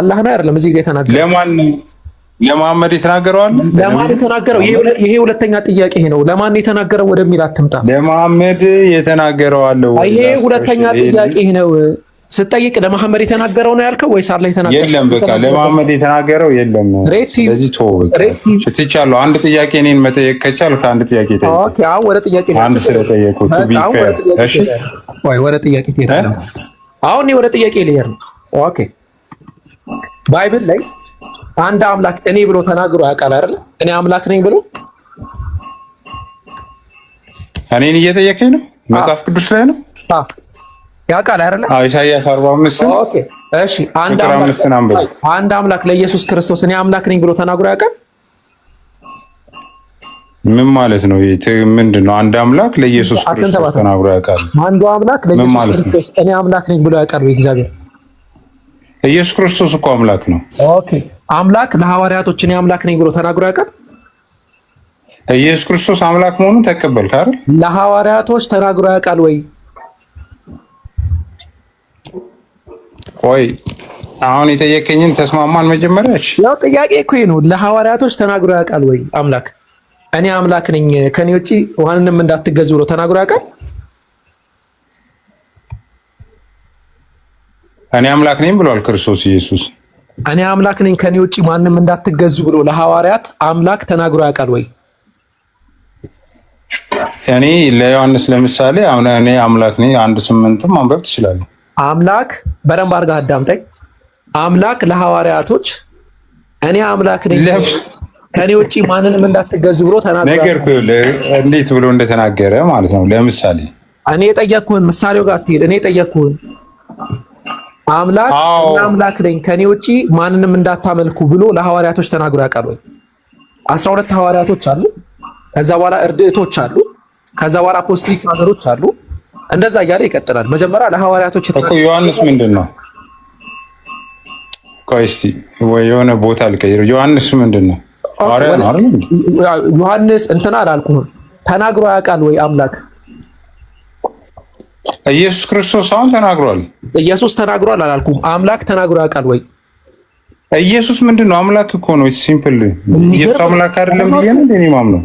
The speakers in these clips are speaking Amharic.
አላህ ነው አይደለም እዚህ ጋር የተናገረው። ለማን ለመሐመድ የተናገረው አለ ለማን የተናገረው? ይሄ ሁለተኛ ጥያቄ ነው። ለማን የተናገረው ወደሚል አትምጣ። ለመሐመድ የተናገረው አለ። ይሄ ሁለተኛ ጥያቄ ነው። ስጠይቅ ለመሐመድ የተናገረው ነው ያልከው ወይስ አላህ የተናገረው? የለም በቃ ለመሐመድ የተናገረው የለም። ስለዚህ ቶ ትቻለሁ። አንድ ጥያቄ እኔን መጠየቅ ከቻልክ አንድ ጥያቄ ጠይቅ። ኦኬ አሁን ወደ ጥያቄ አንድ ስለጠየቁት ቢፈር እሺ፣ ወይ ወደ ጥያቄ ትሄዳለህ? አሁን ወደ ጥያቄ ልሄድ ነው። ኦኬ ባይብል ላይ አንድ አምላክ እኔ ብሎ ተናግሮ ያውቃል አይደል? እኔ አምላክ ነኝ ብሎ እኔን እየጠየቀኝ ነው። መጽሐፍ ቅዱስ ላይ ነው ያውቃል አይደል? አዎ ኢሳይያስ 45 ኦኬ፣ እሺ። አንድ አምላክ አንድ አምላክ ለኢየሱስ ክርስቶስ እኔ አምላክ ነኝ ብሎ ተናግሮ ያውቃል? ምን ማለት ነው? ምንድን ነው? አንድ አምላክ ለኢየሱስ ክርስቶስ ተናግሮ ያውቃል? አንዱ አምላክ ለኢየሱስ ክርስቶስ እኔ አምላክ ነኝ ብሎ ያውቃል እግዚአብሔር ኢየሱስ ክርስቶስ እኮ አምላክ ነው። ኦኬ አምላክ ለሐዋርያቶች እኔ አምላክ ነኝ ብሎ ተናግሮ ያውቃል? ኢየሱስ ክርስቶስ አምላክ መሆኑን ተቀበልክ አይደል? ለሐዋርያቶች ተናግሮ ያውቃል ወይ? ቆይ አሁን የጠየቀኝን ተስማማን። መጀመሪያች ያው ጥያቄ እኮ ነው። ለሐዋርያቶች ተናግሮ ያውቃል ወይ አምላክ እኔ አምላክ ነኝ ከኔ ውጪ ዋንንም እንዳትገዙ ብሎ ተናግሮ ያውቃል? እኔ አምላክ ነኝ ብሏል ክርስቶስ ኢየሱስ። እኔ አምላክ ነኝ ከኔ ውጭ ማንም እንዳትገዙ ብሎ ለሐዋርያት አምላክ ተናግሮ ያውቃል ወይ? እኔ ለዮሐንስ ለምሳሌ እኔ አምላክ ነኝ አንድ ስምንትም ማንበብ ትችላለህ። አምላክ በደንብ አድርገህ አዳምጠኝ። አምላክ ለሐዋርያቶች እኔ አምላክ ነኝ ከኔ ውጭ ማንንም እንዳትገዙ ብሎ ተናገረ። እንዴት ብሎ እንደተናገረ ማለት ነው። ለምሳሌ እኔ የጠየቅኩህን ምሳሌው ጋር ትሄድ እኔ የጠየቅኩህን አምላክ እና አምላክ ነኝ ከኔ ውጪ ማንንም እንዳታመልኩ ብሎ ለሐዋርያቶች ተናግሮ ያውቃል ወይ? አስራ ሁለት ሐዋርያቶች አሉ። ከዛ በኋላ እርድእቶች አሉ። ከዛ በኋላ አፖስትሊክ ፋዘሮች አሉ። እንደዛ እያለ ይቀጥላል። መጀመሪያ ለሐዋርያቶች እኮ ዮሐንስ ምንድን ነው? ቆይ እስኪ ወይ የሆነ ቦታ ልቀይር። ዮሐንስ ምንድን ነው? ሐዋርያ ዮሐንስ እንትና አላልኩህም? ተናግሮ ያውቃል ወይ አምላክ ኢየሱስ ክርስቶስ አሁን ተናግሯል። ኢየሱስ ተናግሯል አላልኩም። አምላክ ተናግሮ ያውቃል ወይ? ኢየሱስ ምንድን ነው? አምላክ እኮ ነው። ሲምፕል ኢየሱስ አምላክ አይደለም ብዬ ነው እንደኔ ማምነው።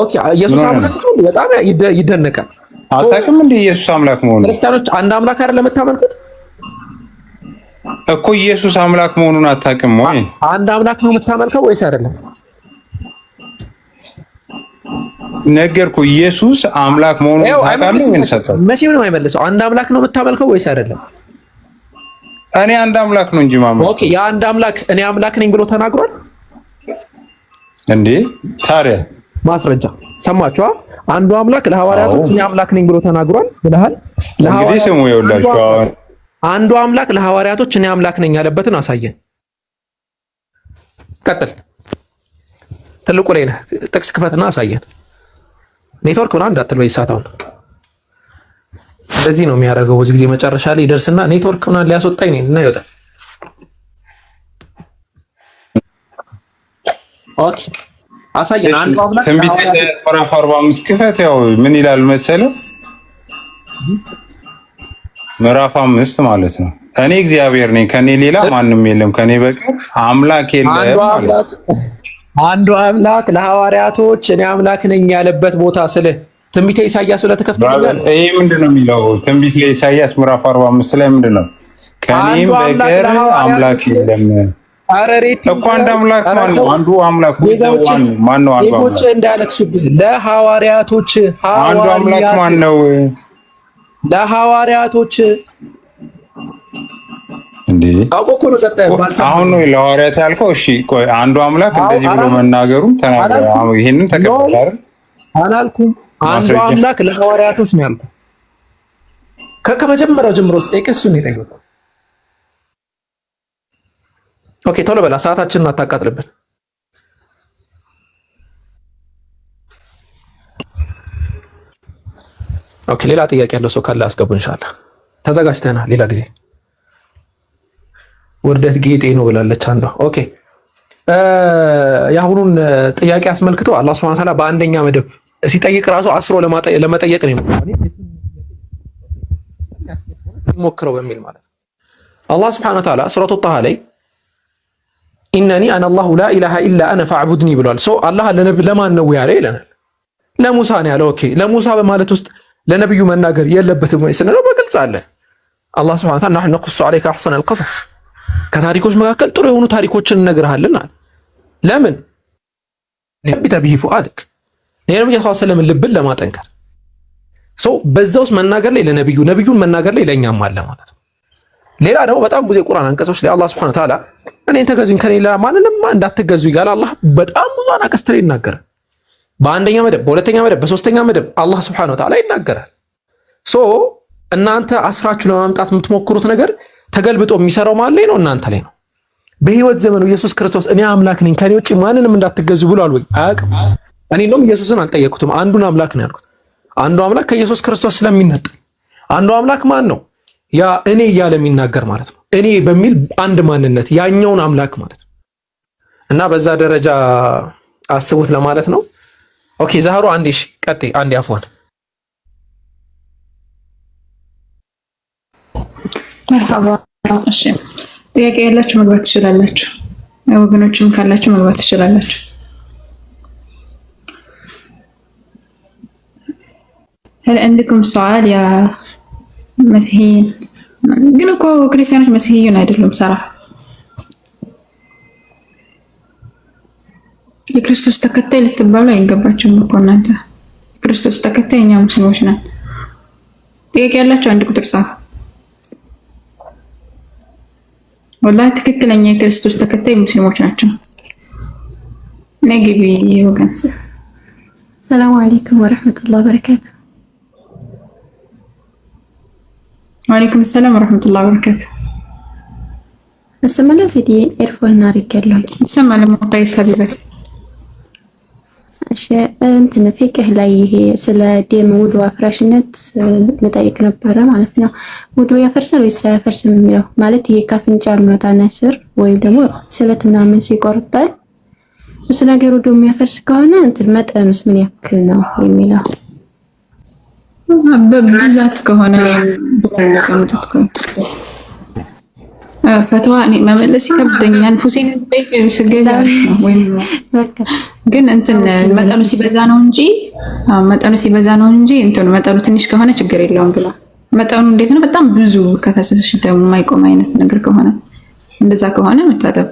ኦኬ ኢየሱስ አምላክ ነው። በጣም ይደነቃል። አታውቅም እንደ ኢየሱስ አምላክ መሆኑ። ክርስቲያኖች አንድ አምላክ አይደለም የምታመልኩት እኮ ኢየሱስ አምላክ መሆኑን አታውቅም ወይ? አንድ አምላክ ነው የምታመልከው ወይስ አይደለም? ነገርኩ ኢየሱስ አምላክ መሆኑን ታውቃለህ። መቼም ነው የማይመልሰው። አንድ አምላክ ነው የምታመልከው ወይስ አይደለም? እኔ አንድ አምላክ ነው እንጂ ማምለክ። ኦኬ፣ ያ አንድ አምላክ እኔ አምላክ ነኝ ብሎ ተናግሯል እንዴ? ታዲያ ማስረጃ ሰማችኋ? አንዱ አምላክ ለሐዋርያቶች እኔ አምላክ ነኝ ብሎ ተናግሯል ብለሃል። እንግዲህ ስሙ ይኸውላችሁ፣ አንዱ አምላክ ለሐዋርያቶች እኔ አምላክ ነኝ ያለበትን አሳየን። ቀጥል ትልቁ ላይ ነህ። ጥቅስ ክፈትና አሳየን። ኔትወርክ ምናምን እንዳትል በዚህ ሰዓት። አሁን እንደዚህ ነው የሚያደርገው። ብዙ ጊዜ መጨረሻ ላይ ይደርስና ኔትወርክ ምናምን ሊያስወጣኝ ነው እና ይወጣል። ኦኬ አሳየን። አንዱ ትንቢት ምዕራፍ 45 ክፈት። ያው ምን ይላል መሰለህ? ምዕራፍ አምስት ማለት ነው። እኔ እግዚአብሔር ነኝ፣ ከኔ ሌላ ማንም የለም፣ ከኔ በቀር አምላክ የለም። አንዱ አምላክ ለሐዋርያቶች እኔ አምላክ ነኝ ያለበት ቦታ ስልህ ትንቢተ ኢሳያስ ብለህ ተከፍትልኛል። ይህ ምንድን ነው የሚለው? ትንቢተ ለኢሳያስ ምዕራፍ አርባ አምስት ላይ ምንድን ነው? ከእኔም በቀር አምላክ የለም እኮ አንድ አምላክ ማን ነው? አንዱ አምላክ ማን ማነው? ዜጎች እንዳያለቅሱብህ ለሐዋርያቶች አንዱ አምላክ ማን ነው? ለሐዋርያቶች አሁን ነው ለሐዋርያት ያልከው። እሺ ቆይ አንዱ አምላክ እንደዚህ ብሎ መናገሩም ተናገረ። ይሄንን አላልኩም። አንዱ አምላክ ለሐዋርያቶች ነው ጀምሮ ስጠይቅ እሱ ነው ኦኬ ቶሎ በላ፣ ሰዓታችንን አታቃጥልብን። ኦኬ ሌላ ጥያቄ ያለው ሰው ካለ አስገቡ። እንሻላ ተዘጋጅተና። ሌላ ጊዜ ውርደት ጌጤ ነው ብላለች አንዷ። ኦኬ የአሁኑን ጥያቄ አስመልክቶ አላህ ሱብሃነሁ ወተዓላ በአንደኛ መደብ ሲጠይቅ ራሱ አስሮ ለመጠየቅ ነው ሞክረው በሚል ማለት ነው። አላህ ሱብሃነሁ ወተዓላ ሱረቱ ጣሃ ላይ ኢነኒ አነ አላሁ ላ ኢላሃ ኢላ አነ ፈዕቡድኒ ብሏል። ሰው አላህ ለማን ነው ያለ ይለናል። ለሙሳ ነው ያለው። ኦኬ ለሙሳ በማለት ውስጥ ለነብዩ መናገር የለበትም ወይ ስንለው በግልጽ አለ። አላህ ሱብሃነሁ ወተዓላ ነሕኑ ነቁሱ ዐለይከ አሕሰነል ቀሰስ ከታሪኮች መካከል ጥሩ የሆኑ ታሪኮችን እነግርሃለን አለ። ለምን ቢታ ቢሂ ፉአድክ ነብዩ ሰለላሁ ዐለይሂ ወሰለም ልብን ለማጠንከር ሰው በዛ ውስጥ መናገር ላይ ለነብዩ ነብዩን መናገር ላይ ለእኛም አለ ማለት ነው። ሌላ ደግሞ በጣም ብዙ የቁርአን አንቀጾች ላይ አላህ ሱብሓነሁ ወተዓላ እኔን ተገዙኝ ከሌላ ማንንም እንዳትገዙ ይላል። አላህ በጣም ብዙ አንቀጽ ላይ ይናገራል። በአንደኛ መደብ፣ በሁለተኛ መደብ፣ በሶስተኛ መደብ አላህ ሱብሓነሁ ወተዓላ ይናገራል። ሶ እናንተ አስራችሁ ለማምጣት የምትሞክሩት ነገር ተገልብጦ የሚሰራው ማን ላይ ነው? እናንተ ላይ ነው። በህይወት ዘመኑ ኢየሱስ ክርስቶስ እኔ አምላክ ነኝ ከኔ ውጭ ማንንም እንዳትገዙ ብሏል ወይ? አያውቅም። እኔ እንደውም ኢየሱስን አልጠየቅኩትም። አንዱን አምላክ ነው ያልኩት። አንዱ አምላክ ከኢየሱስ ክርስቶስ ስለሚነጥል አንዱ አምላክ ማን ነው? ያ እኔ እያለ የሚናገር ማለት ነው። እኔ በሚል አንድ ማንነት ያኛውን አምላክ ማለት ነው። እና በዛ ደረጃ አስቡት ለማለት ነው። ኦኬ ዛህሩ አንዴ ሺ ቀጤ አንዴ ያፏል መርሃባ እሺ ጥያቄ ያላችሁ መግባት ትችላላችሁ። ወገኖችም ካላችሁ መግባት ትችላላችሁ። هل عندكم سؤال يا مسيحيين ግን እኮ ክርስቲያኖች መስይህዩን አይደሉም። ሰራ የክርስቶስ ተከታይ ልትባሉ አይገባችሁም እኮ እናንተ። የክርስቶስ ተከታይ እኛ ሙስሊሞች ነን። ጥያቄ ያላችሁ አንድ ቁጥር ጻፉ። ወላ ትክክለኛ የክርስቶስ ተከታይ ሙስሊሞች ናቸው። ነግቢ ወገን። ሰላም አለይኩም ወራህመቱላሂ ወበረካቱ። ወአለይኩም ሰላም ወራህመቱላሂ ወበረካቱ። እሰማለሁ ሲዲ ኤርፎን አድርጌያለሁ። ይሰማል ሀቢበት እሺ እንትን ፊቅህ ላይ ይሄ ስለ ደም ውዱ አፍራሽነት ልጠይቅ ነበረ ማለት ነው። ውዱ ያፈርሳል ወይስ አያፈርስም የሚለው ማለት ይሄ ካፍንጫ የሚወጣ ነስር ወይም ደግሞ ስለት ምናምን ሲቆርጠል እሱ ነገር ውዱ የሚያፈርስ ከሆነ እንትን መጠኑስ ምን ያክል ነው የሚለው በብዛት ከሆነ ፈተዋ እኔ መመለስ ይከብደኛል። ሁሴን ጠይቅ ስገባ ግን እንትን መጠኑ ሲበዛ ነው እንጂ መጠኑ ሲበዛ ነው እንጂ እንትን መጠኑ ትንሽ ከሆነ ችግር የለውም ብላ መጠኑ እንዴት ነው? በጣም ብዙ ከፈሰሰሽ ደግሞ የማይቆም አይነት ነገር ከሆነ እንደዛ ከሆነ መታጠብ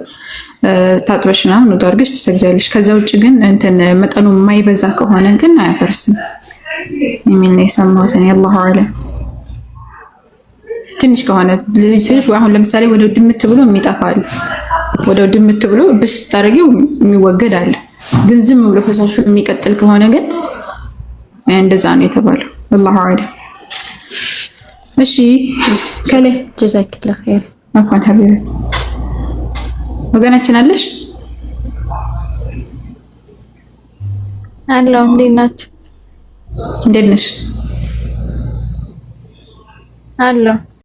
ታጥበሽ ምናምን ወደ አድርገሽ ትሰግጃለሽ። ከዛ ውጭ ግን እንትን መጠኑ የማይበዛ ከሆነ ግን አያፈርስም የሚል ነው የሰማሁትን። አላሁ አለም ትንሽ ከሆነ ትንሽ አሁን ለምሳሌ ወደ ድምት ብሎ የሚጠፋል ወደ ድምት ብሎ ብስ ታደርጊው የሚወገድ አለ። ግን ዝም ብሎ ፈሳሹ የሚቀጥል ከሆነ ግን እንደዛ ነው የተባለው። ወላሁ አለም። እሺ ከለ ጀዛክላ ኸይር አፋን ሀቢበት ወገናችን አለሽ አለው። እንዴት ናችሁ? እንዴት ነሽ? አለው